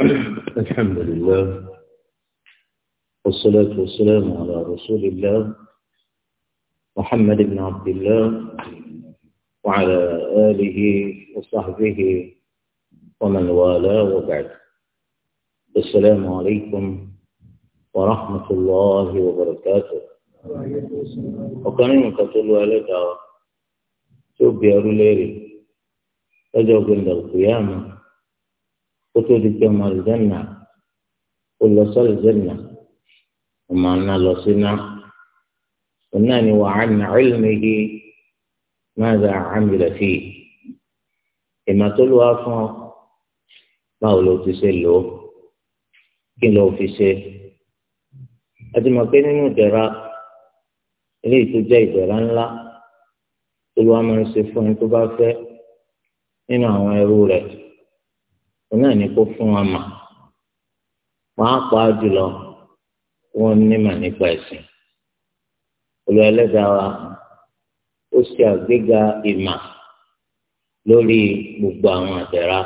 الحمد لله والصلاة والسلام على رسول الله محمد بن عبد الله وعلى آله وصحبه ومن والاه وبعد السلام عليكم ورحمة الله وبركاته ọ̀kan nínú nǹkan tó lu ẹlẹ́dàá tí ó bí ẹrú يا lọ́jọ́ gbẹ̀ndàlùkù yá mi kó tó di pé ọmọ àlùjánnà ó lọ sí àlùjánnà ọmọ àná lọ sí náà ọ̀nà ni wàá nà ilmihi madha amila fi ìmọ̀ tó lù wá fún ọ báwo ló ti ṣe lò ó kí ló fi ṣe àti mọ̀ pé nínú ìdẹ̀ra eléyìí tó jẹ́ ìdẹ̀ra ńlá tó lù wá máa ń ṣe fún ẹni tó bá fẹ́ nínú àwọn ẹrú rẹ̀ wọn náà ní kó fún wọn mà pàápàá jùlọ wọn nímà nípa ẹ̀sìn olú ẹlẹ́dàá wa ó ṣe àgbéga ìmà lórí gbogbo àwọn àdẹ̀rà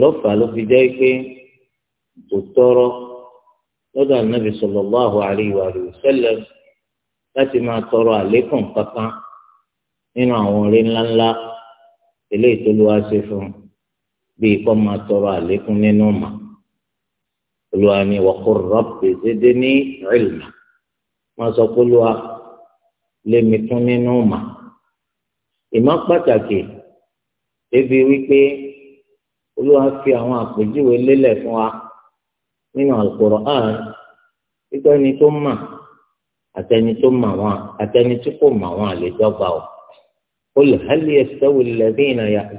lọ́fà ló fi jẹ́ pé kò tọrọ lọ́dọ̀ ànábì sallallahu alaihi wa sallam láti máa tọrọ àlékún kankan nínú àwọn orí ńláńlá eléyìí tó lù wá ṣe fún un bíi kọ́ máa tọrọ àlékún nínú mà olúwa ni waqur rabbi zidni ilma wọ́n sọ pé olúwa lémi kún nínú mà ìmọ̀ pàtàkì ebi wípé olúwa fi àwọn àpèjúwe lélẹ̀ fún wa nínú Al-Qur'an pípẹ́ tó mà àtẹni tó mà wọn àtẹni tí kò mà wọn àlejò gbà ọ́. قل هل يستوي الذين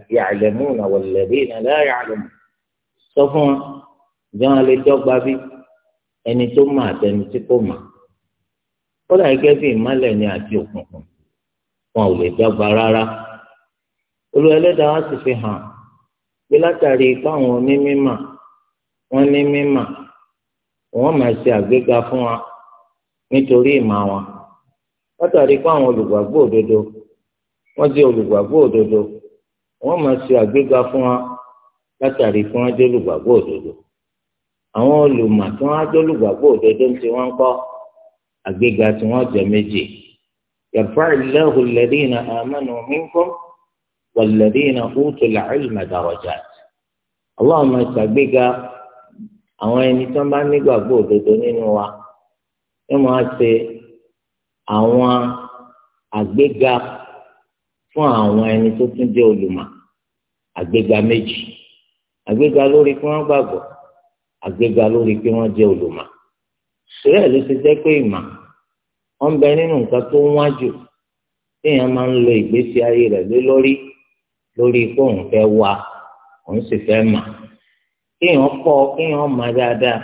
يعلمون والذين لا يعلمون sọ fún wọn bí wọn lè dọ́gba bí ẹni tó mọ̀ àtẹni tí kò mọ̀ ó dà gẹ́gẹ́ bí ìmọ́lẹ̀ ni àti òkùnkùn wọn ò lè dọ́gba rárá olú ẹlẹ́dàá sì fi hàn pé látàrí ipá àwọn onímọ̀ wọn ní mímọ̀ wọn máa ṣe àgbéga fún wa nítorí ìmọ̀ wọn látàrí ipá àwọn olùgbàgbọ́ òdodo wọ́n jẹ́ olùgbàgbọ́ òdodo wọ́n máa ṣe àgbéga fún wa látàrí fún wa jẹ́ olùgbàgbọ́ òdodo àwọn olùmọ̀ tí wọ́n á jẹ́ olùgbàgbọ́ òdodo ń ti wọ́n ń kọ́ àgbéga tí wọ́n jẹ́ méjì yarfa'illahu alladhina amanu minkum walladhina utul ilma darajat Allah máa ṣàgbéga àwọn ẹni tí wọ́n bá nígbàgbọ́ òdodo nínú wa wọ́n máa ṣe àwọn àgbéga. fún àwọn ẹni tó tún jẹ́ olùmọ̀ àgbéga méjì àgbéga lórí pé wọ́n gbàgbọ́ àgbéga lórí pé wọ́n jẹ́ olùmọ̀ sùrẹ́ ló ti jẹ́ pé ìmọ̀ wọ́n bẹ nínú nǹkan tó ń wájú téèyàn máa ń lo ìgbésí ayé rẹ̀ lé lórí lórí pé òun fẹ́ wá òun sì fẹ́ mà kéèyàn kọ́ kéèyàn mà dáadáa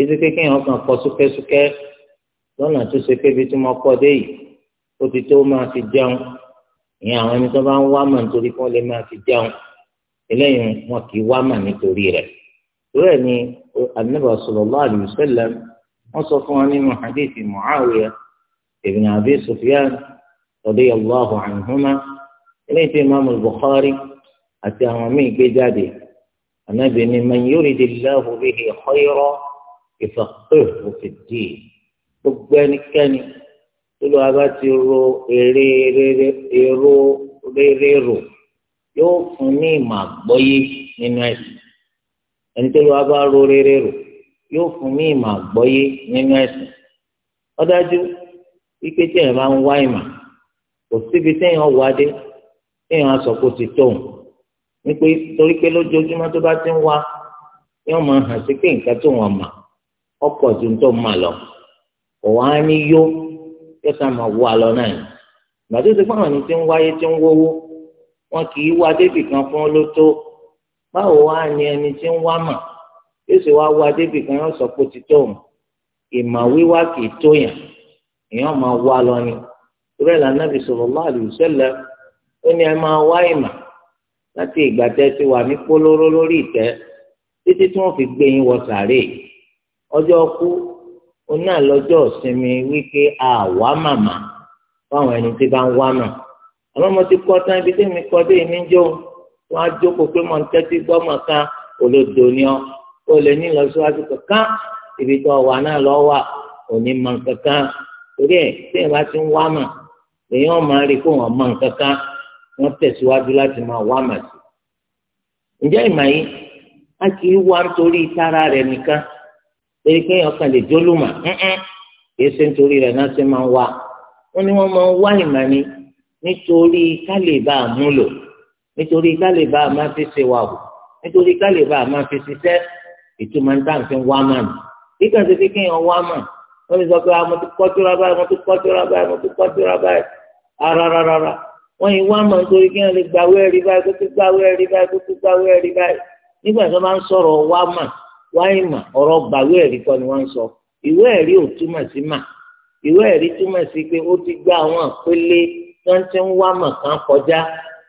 ètò pé kéèyàn kàn kọ́ súkẹ́súkẹ́ lọ́nà tó ṣe pé ibi tí mo kọ́ dé yìí ó ti tó máa fi jẹun ìyẹn àwọn ẹni tó bá ń wá mà nítorí kí wọ́n lè máa fi jẹun eléyìí wọn kì í wá mà nítorí rẹ̀ torí ẹ̀ ni Ànábì sallallahu alaihi wasallam wọ́n sọ fún wa nínú hadith Muawiya ibn Abi Sufyan radiyallahu anhuma eléyìí tí Imam Bukhari àti àwọn míì gbé jáde Ànábì ni man yuridillahu bihi khayran ìfọ̀pẹ́ òfìdí gbogbo ẹnikẹ́ni tóló abá ti ro èrè rere èrò rere yóò fún ní ìmọ̀ àgbọ́yé nínú ẹ̀sìn ẹni ro ní ìmọ̀ àgbọ́yé nínú wípé tí bá ń wá ìmọ̀ kò síbi téèyàn wá dé wadé á sọ pé ti tóun wípé torí pé lójoojúmọ́ tó bá ti ń wá yóò máa hàn sí pé nǹkan tó ju tó mà lọ kò wá ní yó yóò sá máa wọ alọ náà yìí ìgbà tó ti fáwọn ẹni tí ń wáyé tí ń wówó wọn kì í wá débì kan fún ló tó báwo wá ni ẹni tí ń wá mà yóò sì wá wá débì kan yóò sọ pé ó ti tó òun ìmọ̀ wíwá kì í tó yàn èèyàn máa wá lọ ni ìrẹ́ lànàbì sallallahu alaihi wasallam ó ní ẹ máa wá ìmọ̀ láti ìgbà tẹ́ ti wà ní pólóró lórí ìtẹ́ títí tí wọ́n fi gbé yín wọ sàárè ọjọ́ kú ó náà lọ́jọ́ ìsinmi wípé a wá màmá fáwọn ẹni tí bá ń wá mà ti kọ́ tán ibi tí mi kọ́ dé mi jó wọn á jókòó pé mo ń tẹ́tí gbọ́ mọ̀ ni ọ́ ó lè ní ìlọsíwájú kankan ibi tó wà náà lọ́ wà òní mọ̀ kankan torí ẹ̀ tí ti ń wá mà èèyàn máa rí kó mọ̀ kankan wọ́n tẹ̀síwájú láti máa wá mà sí. ǹjẹ́ a kì í wá nítorí ìtara torí pé ọkàn lè jólùmọ̀ kì í ṣe nítorí rẹ̀ náà ṣe máa ń wá wọn ni wọ́n máa wá ìmọ̀ ni nítorí ká lè bá a mú lò nítorí ká lè bá a máa fi ṣe wà wò nítorí ká lè bá a máa fi ṣiṣẹ́ ìtumọ̀ níta fi ń wá mà ní kíkà ṣe fi kéèyàn wá mà wọ́n lè sọ pé ah, mo ti kọ́tura báyìí mo ti kọ́tura báyìí mo ti kọ́tura báyìí arararara ah, wọ́n yìí wá mà nítorí kéèyàn lè gbàwé ẹ̀rí báyìí kó ti gbàwé ẹ̀rí báyìí kó ti gbàwé ẹ̀rí báyìí nígbà tí wọ́n máa ń sọ̀rọ̀ wá mà wáyé mà ọ̀rọ̀ gbàwé ẹ̀rí kọ́ ni wọn ń sọ ìwé ẹ̀rí ò túmọ̀ sí mà ìwé ẹ̀rí túmọ̀ sí pé ó ti gbá àwọn àpélé tó ń ti ń wá mà kan kọjá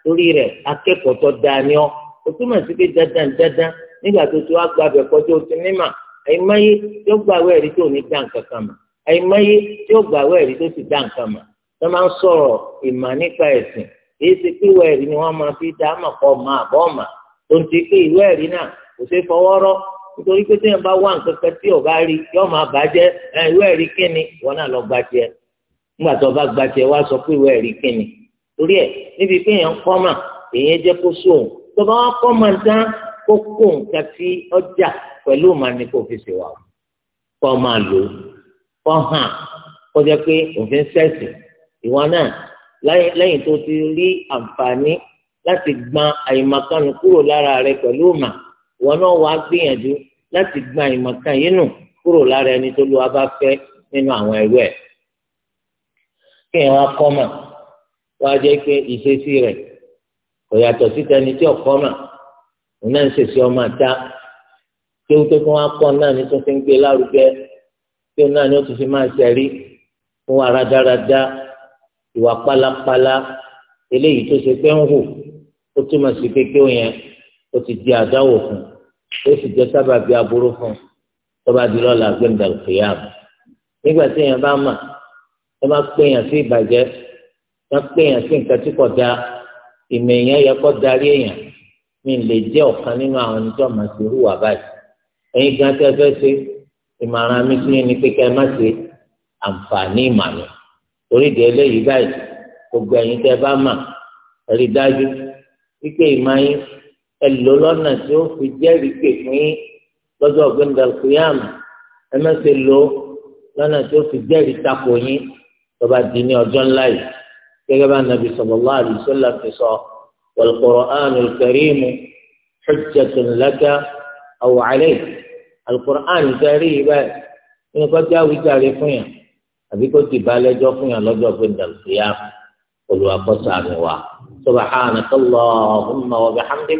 torí rẹ̀ akẹ́kọ̀ọ́ tó dáa ni ọ́ ó túmọ̀ sí pé dandan dandan nígbà tó ti wá kọjá ó ti ní mà àyìnmáyé tí ó gbàwé tó ní dá nǹkan kan mà àyìnmáyé tí ó gbàwé tó ti dá nǹkan mà máa ń ìmà nítorí pé téèyàn bá wá nǹkan kan tí ọba rí yóò máa bàjẹ́ ìwé ẹ̀rí kínni wọn náà lọ gba tiẹ̀ nígbà tó bá gba tiẹ̀ wá sọ pé ìwé ẹ̀rí kínni torí ẹ̀ níbi pé èèyàn kọ́ mà èèyàn jẹ́ kó sóhun tó bá wọn kọ́ mà dán kó kó nǹkan tí ọjà pẹ̀lú màní kò fi ṣèwà kọ́ máa lò ó kọ́ hàn kó jẹ́ pé òfin sẹ́ẹ̀sì ìwọ náà lẹ́yìn tó ti rí àǹfààní láti gbọn àyèmàkánu wọn náà wàá gbìyànjú láti gba ìmọ̀kan yìí nù kúrò lára ẹni tó lu abá fẹ́ nínú àwọn ẹrú ẹ̀ kí ẹ̀ wá kọ́ mà wàá jẹ́ pé ìṣesí rẹ̀ kò yàtọ̀ síta ẹni tí ọ̀kọ́ mà òun náà ń ṣèṣe ọmọ àta tí ó tó fún wa kọ́ náà ní tó fi ń gbé lárugẹ tí ó náà ní ó tún fi máa ṣẹ̀rí fún wa rádáradá ìwà pálapàla eléyìí tó ṣe pé ń hù ó túmọ̀ sí pé yẹn ó ti di àdáwò fún un ó sì jẹ́ sábàbí aburú fún tọ́ba di lọ́la gbẹ̀ndàlù kìyàmù nígbà tí èèyàn bá mà tó bá péyàn sí ìbàjẹ́ tó péyàn sí nǹkan tí kò dáa ìmọ̀ èèyàn yẹ kó darí èèyàn mi lè jẹ́ ọ̀kan nínú àwọn ẹni tó máa ṣe hùwà báyìí ẹ̀yin gan tẹ́ fẹ́ ṣe ìmọ̀ràn mi sí ni pé kẹ́ má ṣe àǹfààní ìmọ̀ràn torí eléyìí báyìí gbogbo ẹ̀yin tẹ́ bá mà ẹ rí dájú wípé ìmọ̀ yín ẹ lò lọ́nà tí ó fi jẹ́rìí pè fún yín lọ́jọ́ ọ̀gbẹ́ndà kúyàm ẹ má ṣe lò lọ́nà tí ó fi jẹ́rìí tako yín tó bá di ní ọjọ́ ńlá yìí gẹ́gẹ́ bá nàbì sallallahu alaihi wasallam fi sọ wal Qur'anul Karim hujjatun laka aw alayk al-Qur'an kẹrí bẹ́ẹ̀ nínú